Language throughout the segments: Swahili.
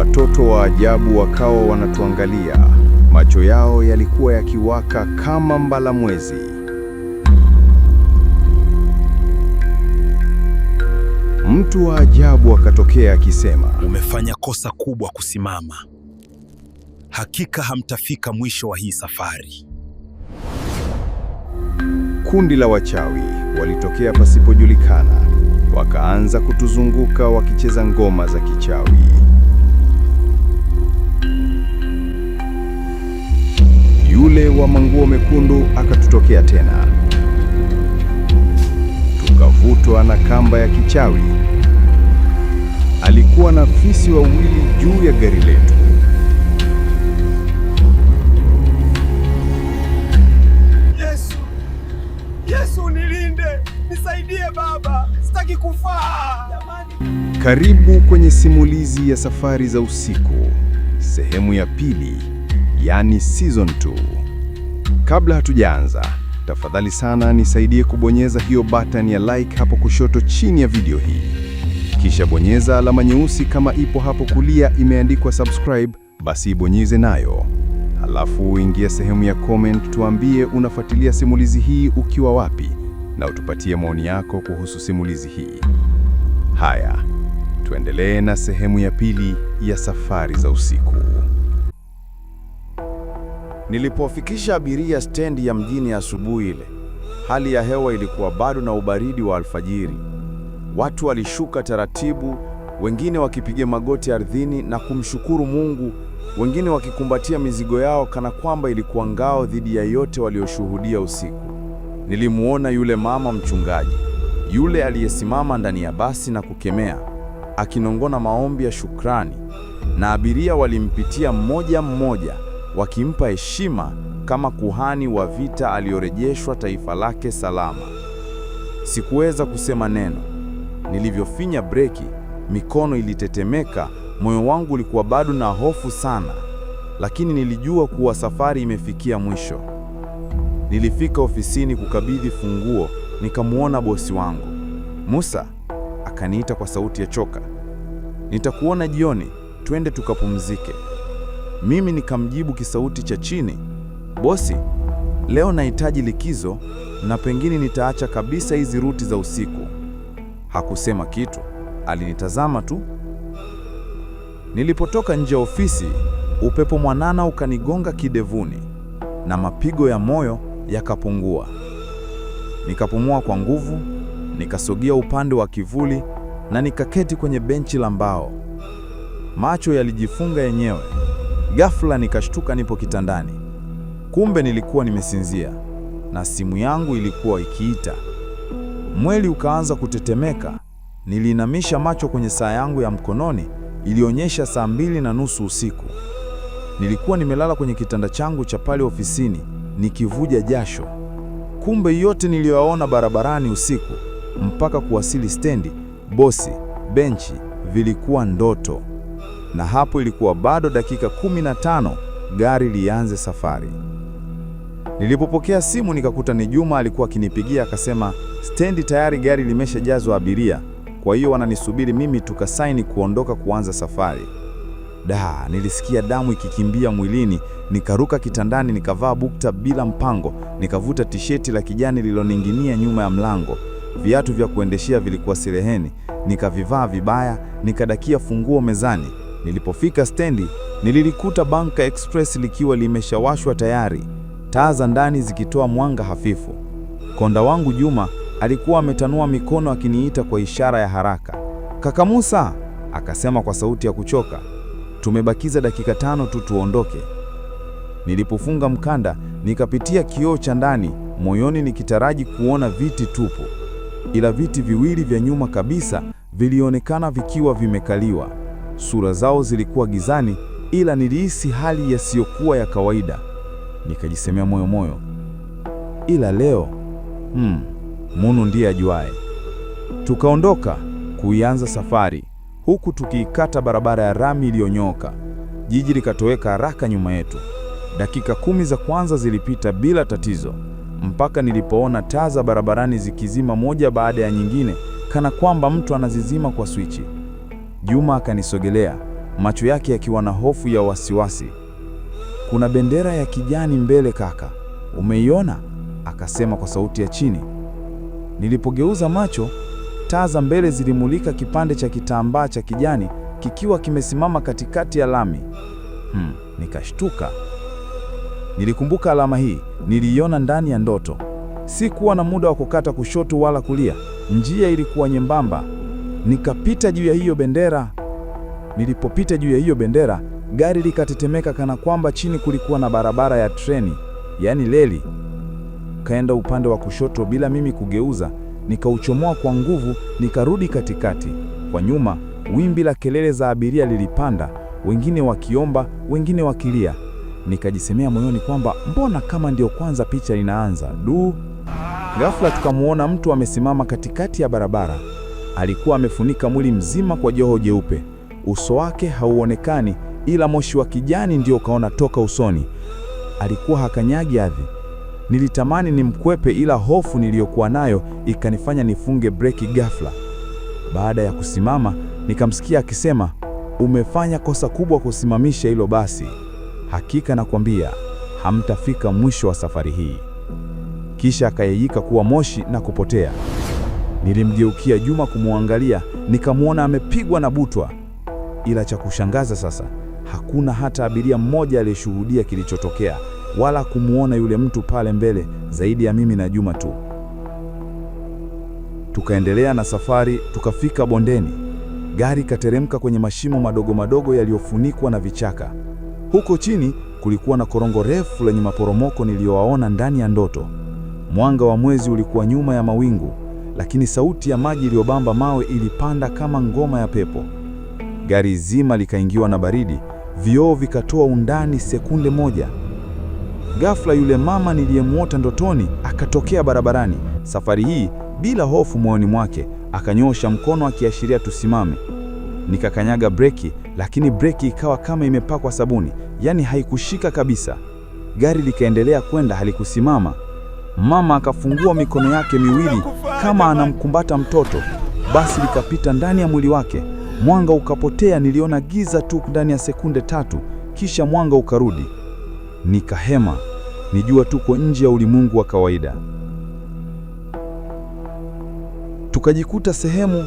Watoto wa ajabu wakawa wanatuangalia, macho yao yalikuwa yakiwaka kama mbala mwezi Mtu wa ajabu akatokea akisema, umefanya kosa kubwa kusimama. Hakika hamtafika mwisho wa hii safari. Kundi la wachawi walitokea pasipojulikana, wakaanza kutuzunguka wakicheza ngoma za kichawi. Yule wa manguo mekundu akatutokea tena, tukavutwa na kamba ya kichawi. Alikuwa na fisi wawili juu ya gari letu. Yesu, Yesu nilinde, nisaidie Baba, sitaki kufa. Karibu kwenye simulizi ya Safari za Usiku, sehemu ya pili yani season 2. Kabla hatujaanza, tafadhali sana nisaidie kubonyeza hiyo button ya like hapo kushoto chini ya video hii, kisha bonyeza alama nyeusi kama ipo hapo kulia imeandikwa subscribe, basi ibonyeze nayo, alafu ingia sehemu ya comment, tuambie unafuatilia simulizi hii ukiwa wapi, na utupatie maoni yako kuhusu simulizi hii. Haya, tuendelee na sehemu ya pili ya Safari za Usiku. Nilipofikisha abiria stendi ya mjini asubuhi ile, hali ya hewa ilikuwa bado na ubaridi wa alfajiri. Watu walishuka taratibu, wengine wakipiga magoti ardhini na kumshukuru Mungu, wengine wakikumbatia mizigo yao kana kwamba ilikuwa ngao dhidi ya yote walioshuhudia usiku. Nilimuona yule mama mchungaji, yule aliyesimama ndani ya basi na kukemea, akinongona maombi ya shukrani, na abiria walimpitia mmoja mmoja wakimpa heshima kama kuhani wa vita aliyorejeshwa taifa lake salama. Sikuweza kusema neno. Nilivyofinya breki, mikono ilitetemeka, moyo wangu ulikuwa bado na hofu sana, lakini nilijua kuwa safari imefikia mwisho. Nilifika ofisini kukabidhi funguo, nikamwona bosi wangu. Musa, akaniita kwa sauti ya choka. Nitakuona jioni, twende tukapumzike. Mimi nikamjibu kisauti cha chini, bosi, leo nahitaji likizo na pengine nitaacha kabisa hizi ruti za usiku. Hakusema kitu, alinitazama tu. Nilipotoka nje ya ofisi, upepo mwanana ukanigonga kidevuni na mapigo ya moyo yakapungua. Nikapumua kwa nguvu, nikasogea upande wa kivuli na nikaketi kwenye benchi la mbao. Macho yalijifunga yenyewe. Ghafla nikashtuka nipo kitandani, kumbe nilikuwa nimesinzia na simu yangu ilikuwa ikiita. Mwili ukaanza kutetemeka. Nilinamisha macho kwenye saa yangu ya mkononi, ilionyesha saa mbili na nusu usiku. Nilikuwa nimelala kwenye kitanda changu cha pale ofisini nikivuja jasho. Kumbe yote niliyoyaona barabarani usiku mpaka kuwasili stendi, bosi, benchi vilikuwa ndoto na hapo ilikuwa bado dakika 15 gari lianze safari. Nilipopokea simu nikakuta ni Juma alikuwa akinipigia akasema, stendi tayari gari limeshajazwa abiria, kwa hiyo wananisubiri mimi tukasaini kuondoka kuanza safari. Da, nilisikia damu ikikimbia mwilini, nikaruka kitandani, nikavaa bukta bila mpango, nikavuta tisheti la kijani lililoning'inia nyuma ya mlango. Viatu vya kuendeshea vilikuwa sireheni, nikavivaa vibaya, nikadakia funguo mezani Nilipofika stendi, nililikuta Banka Express likiwa limeshawashwa tayari, taa za ndani zikitoa mwanga hafifu. Konda wangu Juma alikuwa ametanua mikono akiniita kwa ishara ya haraka. Kaka Musa, akasema kwa sauti ya kuchoka, tumebakiza dakika tano tu tuondoke. Nilipofunga mkanda, nikapitia kioo cha ndani, moyoni nikitaraji kuona viti tupu, ila viti viwili vya nyuma kabisa vilionekana vikiwa vimekaliwa. Sura zao zilikuwa gizani, ila nilihisi hali yasiyokuwa ya kawaida. Nikajisemea moyo moyo, ila leo hmm, Munu ndiye ajuaye. Tukaondoka kuianza safari, huku tukiikata barabara ya rami iliyonyooka. Jiji likatoweka haraka nyuma yetu. Dakika kumi za kwanza zilipita bila tatizo, mpaka nilipoona taa za barabarani zikizima moja baada ya nyingine, kana kwamba mtu anazizima kwa swichi. Juma akanisogelea, macho yake yakiwa na hofu ya wasiwasi. Kuna bendera ya kijani mbele kaka, umeiona? akasema kwa sauti ya chini. Nilipogeuza macho, taa za mbele zilimulika kipande cha kitambaa cha kijani kikiwa kimesimama katikati ya lami. Hmm, nikashtuka. Nilikumbuka alama hii, niliiona ndani ya ndoto. Sikuwa na muda wa kukata kushoto wala kulia, njia ilikuwa nyembamba nikapita juu ya hiyo bendera. Nilipopita juu ya hiyo bendera, gari likatetemeka kana kwamba chini kulikuwa na barabara ya treni, yaani leli. Kaenda upande wa kushoto bila mimi kugeuza, nikauchomoa kwa nguvu, nikarudi katikati. Kwa nyuma, wimbi la kelele za abiria lilipanda, wengine wakiomba, wengine wakilia. Nikajisemea moyoni kwamba mbona kama ndio kwanza picha inaanza. Du! Ghafla tukamwona mtu amesimama katikati ya barabara. Alikuwa amefunika mwili mzima kwa joho jeupe. Uso wake hauonekani, ila moshi wa kijani ndio ukaona toka usoni. Alikuwa hakanyagi ardhi. Nilitamani nimkwepe, ila hofu niliyokuwa nayo ikanifanya nifunge breki ghafla. Baada ya kusimama, nikamsikia akisema, umefanya kosa kubwa kusimamisha hilo basi. Hakika nakwambia, hamtafika mwisho wa safari hii. Kisha akayeyika kuwa moshi na kupotea. Nilimgeukia Juma kumwangalia, nikamwona amepigwa na butwa. Ila cha kushangaza sasa, hakuna hata abiria mmoja aliyeshuhudia kilichotokea wala kumwona yule mtu pale mbele zaidi ya mimi na Juma tu. Tukaendelea na safari, tukafika bondeni. Gari ikateremka kwenye mashimo madogo madogo yaliyofunikwa na vichaka. Huko chini kulikuwa na korongo refu lenye maporomoko niliyowaona ndani ya ndoto. Mwanga wa mwezi ulikuwa nyuma ya mawingu lakini sauti ya maji iliyobamba mawe ilipanda kama ngoma ya pepo. Gari zima likaingiwa na baridi, vioo vikatoa undani sekunde moja. Ghafla yule mama niliyemwota ndotoni akatokea barabarani, safari hii bila hofu moyoni mwake. Akanyosha mkono akiashiria tusimame. Nikakanyaga breki, lakini breki ikawa kama imepakwa sabuni, yaani haikushika kabisa. Gari likaendelea kwenda, halikusimama. Mama akafungua mikono yake miwili kama anamkumbata mtoto. Basi likapita ndani ya mwili wake, mwanga ukapotea. Niliona giza tu ndani ya sekunde tatu, kisha mwanga ukarudi. Nikahema, nijua tuko nje ya ulimwengu wa kawaida. Tukajikuta sehemu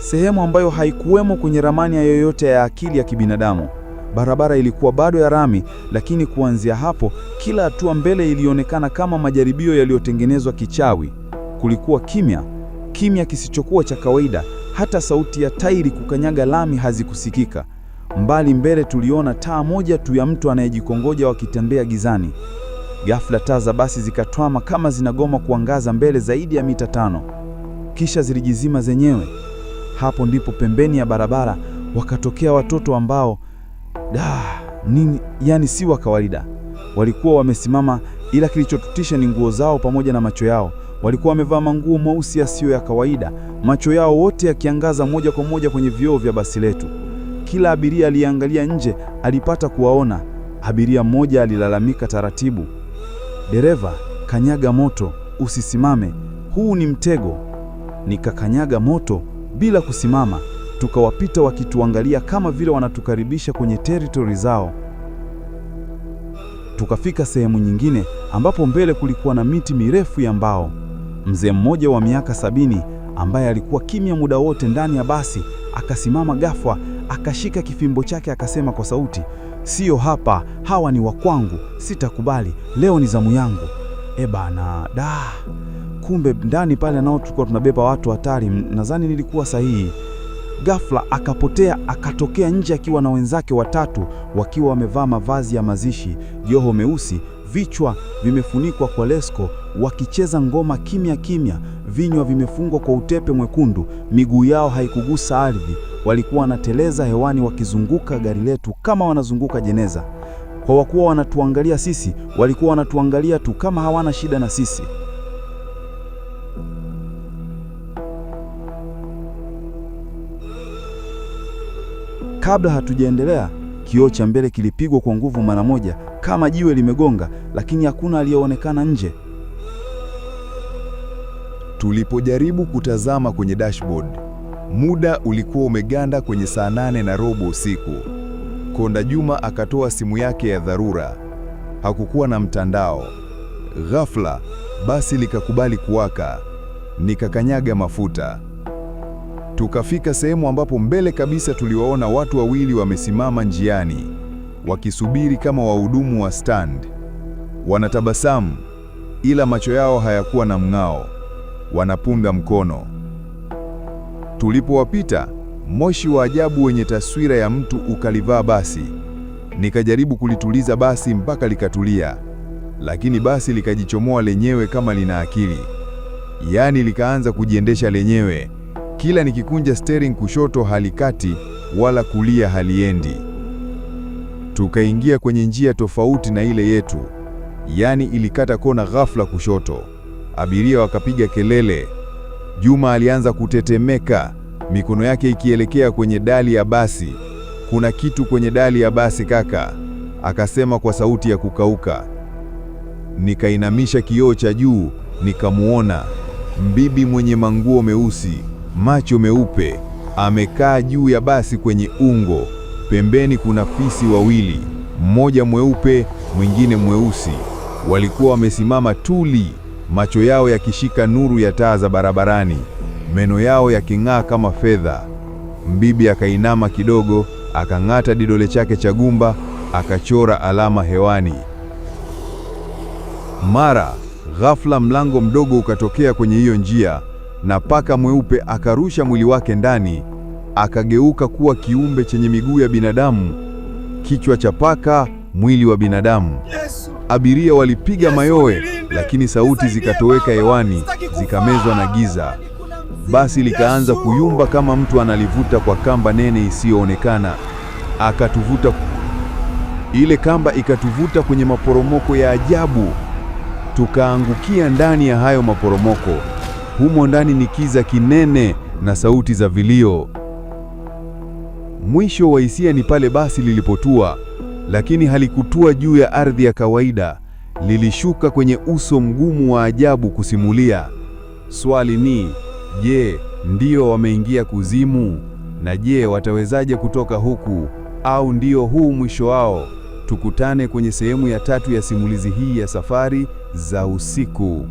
sehemu ambayo haikuwemo kwenye ramani ya yoyote ya akili ya kibinadamu. Barabara ilikuwa bado ya rami, lakini kuanzia hapo kila hatua mbele ilionekana kama majaribio yaliyotengenezwa kichawi. Kulikuwa kimya, kimya kisichokuwa cha kawaida. Hata sauti ya tairi kukanyaga lami hazikusikika. Mbali mbele tuliona taa moja tu ya mtu anayejikongoja wakitembea gizani. Ghafla taa za basi zikatwama kama zinagoma kuangaza mbele zaidi ya mita tano, kisha zilijizima zenyewe. Hapo ndipo pembeni ya barabara wakatokea watoto ambao Da, nini? Yani si wa kawaida. Walikuwa wamesimama, ila kilichotutisha ni nguo zao pamoja na macho yao. Walikuwa wamevaa manguo meusi yasiyo ya kawaida, macho yao wote yakiangaza moja kwa moja kwenye vioo vya basi letu. Kila abiria aliyeangalia nje alipata kuwaona. Abiria mmoja alilalamika taratibu, dereva, kanyaga moto, usisimame, huu ni mtego. Nikakanyaga moto bila kusimama tukawapita wakituangalia kama vile wanatukaribisha kwenye teritori zao. Tukafika sehemu nyingine ambapo mbele kulikuwa na miti mirefu ya mbao. Mzee mmoja wa miaka sabini ambaye alikuwa kimya muda wote ndani ya basi akasimama ghafla, akashika kifimbo chake, akasema kwa sauti, siyo hapa, hawa ni wa kwangu sitakubali, leo ni zamu yangu. E bana da, kumbe ndani pale nao tulikuwa tunabeba watu hatari. Nadhani nilikuwa sahihi ghafla akapotea, akatokea nje akiwa na wenzake watatu wakiwa wamevaa mavazi ya mazishi, joho meusi, vichwa vimefunikwa kwa lesko, wakicheza ngoma kimya kimya, vinywa vimefungwa kwa utepe mwekundu, miguu yao haikugusa ardhi. Walikuwa wanateleza hewani wakizunguka gari letu kama wanazunguka jeneza. Kwa wakuwa wanatuangalia sisi, walikuwa wanatuangalia tu kama hawana shida na sisi. Kabla hatujaendelea, kioo cha mbele kilipigwa kwa nguvu mara moja kama jiwe limegonga, lakini hakuna aliyeonekana nje. Tulipojaribu kutazama kwenye dashboard, muda ulikuwa umeganda kwenye saa nane na robo usiku. Konda Juma akatoa simu yake ya dharura. Hakukuwa na mtandao. Ghafla basi likakubali kuwaka, nikakanyaga mafuta. Tukafika sehemu ambapo mbele kabisa tuliwaona watu wawili wamesimama njiani wakisubiri kama wahudumu wa stand. Wanatabasamu ila macho yao hayakuwa na mng'ao, wanapunga mkono. Tulipowapita, moshi wa ajabu wenye taswira ya mtu ukalivaa basi. Nikajaribu kulituliza basi mpaka likatulia, lakini basi likajichomoa lenyewe kama lina akili, yaani likaanza kujiendesha lenyewe. Kila nikikunja steering kushoto halikati wala kulia haliendi. Tukaingia kwenye njia tofauti na ile yetu, yaani ilikata kona ghafla kushoto. Abiria wakapiga kelele. Juma alianza kutetemeka, mikono yake ikielekea kwenye dali ya basi. Kuna kitu kwenye dali ya basi kaka, akasema kwa sauti ya kukauka. Nikainamisha kioo cha juu, nikamuona mbibi mwenye manguo meusi macho meupe, amekaa juu ya basi kwenye ungo. Pembeni kuna fisi wawili, mmoja mweupe, mwingine mweusi. Walikuwa wamesimama tuli, macho yao yakishika nuru ya taa za barabarani, meno yao yaking'aa kama fedha. Mbibi akainama kidogo, akang'ata kidole chake cha gumba, akachora alama hewani. Mara ghafla mlango mdogo ukatokea kwenye hiyo njia na paka mweupe akarusha mwili wake ndani, akageuka kuwa kiumbe chenye miguu ya binadamu, kichwa cha paka, mwili wa binadamu. Abiria walipiga mayowe, lakini sauti zikatoweka hewani, zikamezwa na giza. Yaani Basi likaanza kuyumba kama mtu analivuta kwa kamba nene isiyoonekana. Akatuvuta, ile kamba ikatuvuta kwenye maporomoko ya ajabu, tukaangukia ndani ya hayo maporomoko. Humo ndani ni kiza kinene na sauti za vilio. Mwisho wa hisia ni pale basi lilipotua, lakini halikutua juu ya ardhi ya kawaida. Lilishuka kwenye uso mgumu wa ajabu kusimulia. Swali ni je, ndio wameingia kuzimu? Na je, watawezaje kutoka huku? Au ndio huu mwisho wao? Tukutane kwenye sehemu ya tatu ya simulizi hii ya safari za usiku.